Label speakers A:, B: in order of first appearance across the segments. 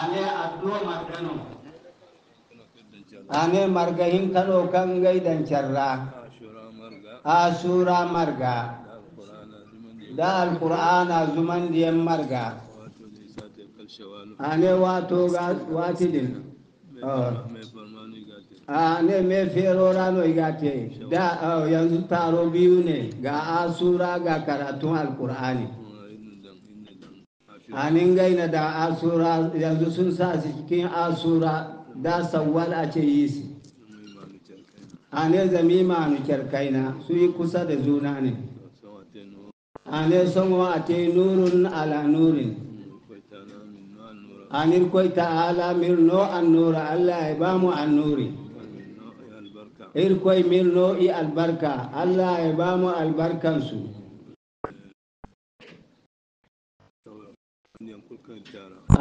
A: ane adduo margano ane marga hinkano kangai dan charra asura marga da alqur'ana zuman diyan marga ane wato ga watidin ne me ferora no igate da yanzu taro biyu ne ga asura ga karatun alkur'ani amin gaina da asura yanzu sun sa su cikin asura da sawal a ce yi su ane zami manu kyarkaina su yi kusa da juna ne ane songo a te nurun ala nurin anir kwai ta'ala mir no an nura allah ya ba mu an nuri ir kwai mir no i albarka allah ya ba mu albarkansu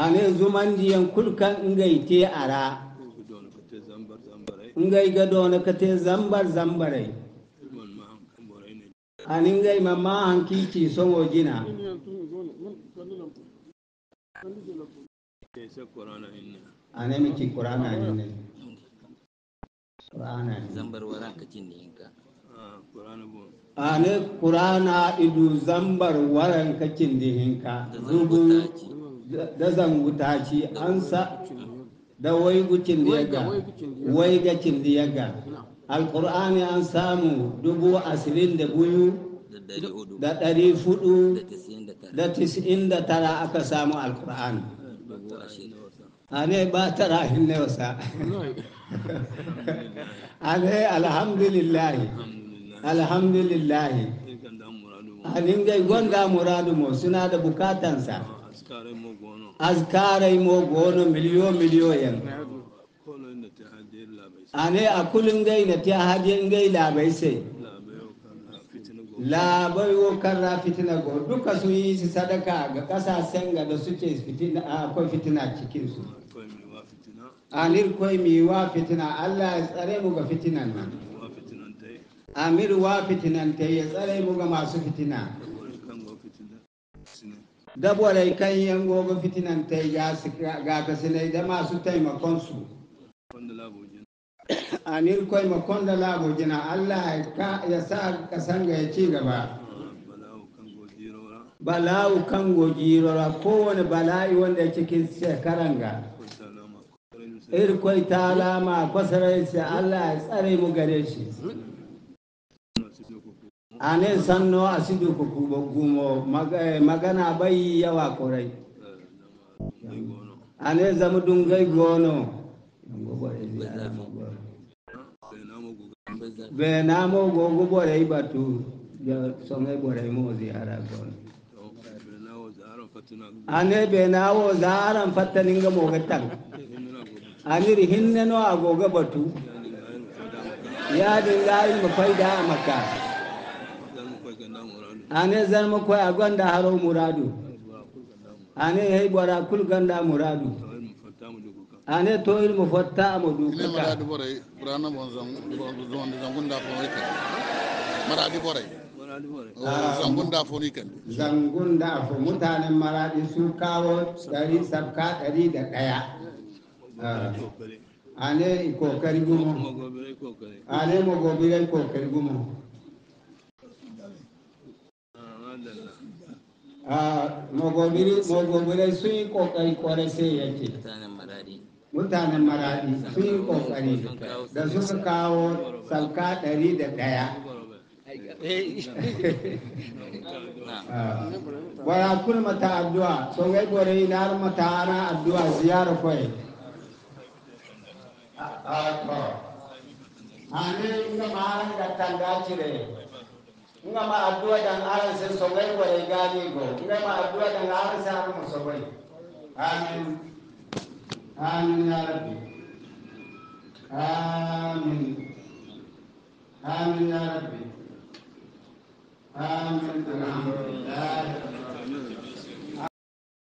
A: ane zumandiyan kulkan ngai te ara ngai ga dona kate zambar zambarai ani ngai mamma hanki ci songo jina ane qur'ana qur'ana zambar ane kurana idu zambar waran kakin dihinka zubu da zanguta ci an sa da wai gucin diyaga wai gacin diyaga alkur'ani an samu dubu asirin da buyu da ɗari fudu da tis'in da tara aka samu a ne ba tara ne wasa A ne alhamdulillahi alhamdulillahi anin gai gwanda muradu mo suna da bukatansa azkarai mo gono miliyo miliyo yan ane a kullum gai na ta hajin gai labai sai labai wo karra fitina go duka su yi su sadaka ga kasashen ga da suke fitina akwai fitina cikin su anir koi miwa fitina Allah ya tsare mu ga fitinan nan amiru wa fitinan ta ya tsare mu ga masu fitina Dabwarai kan yan gogo fitinan ta ya ga ta sinai da masu taimakon su amir kwai makon da labojina allah ya sa kasan ga ya ci gaba bala'u kan rora. kowane bala'i wanda ya cikin shekaran ga irkwai ta kwasarai sai allah ya tsare mu gare shi ane sanno asidu kukubo gumo magana bayi yawa korai ane zamu dungai gono be namo gogo borai batu da songai borai mo ziyara gono ane be nawo zaran fattaninga mo gattan aniri hinne no agoga batu ya dinga yi mafaida a makka ane zarma koy a gonda haro muradu ane hey bora kul ganda muradu ane to il mu fotta mo du ka maradi bore burana bon zam bon zangunda fo ni kan maradi bore oh, zangunda fo ni kan zangunda fo mutanen maradi su kawo dari sabka dari da daya ah. ane kokari gumo ane mo gobirai kokari gumo a ah, magobirai sun yi kokari kwarai sai yake mutanen maradi sun yi kokari da suka kawo salka ɗari da ɗaya wara ah, kun mata addu'a so gai gore na har mata ana addu'a ziyara kwai a ah, to ane ga maran da tanga cire nga ma addu'a dan aran sen sogai gore gani go nga ma addu'a dan aran sen abu sogai amin amin ya rabbi amin amin ya rabbi amin alhamdulillah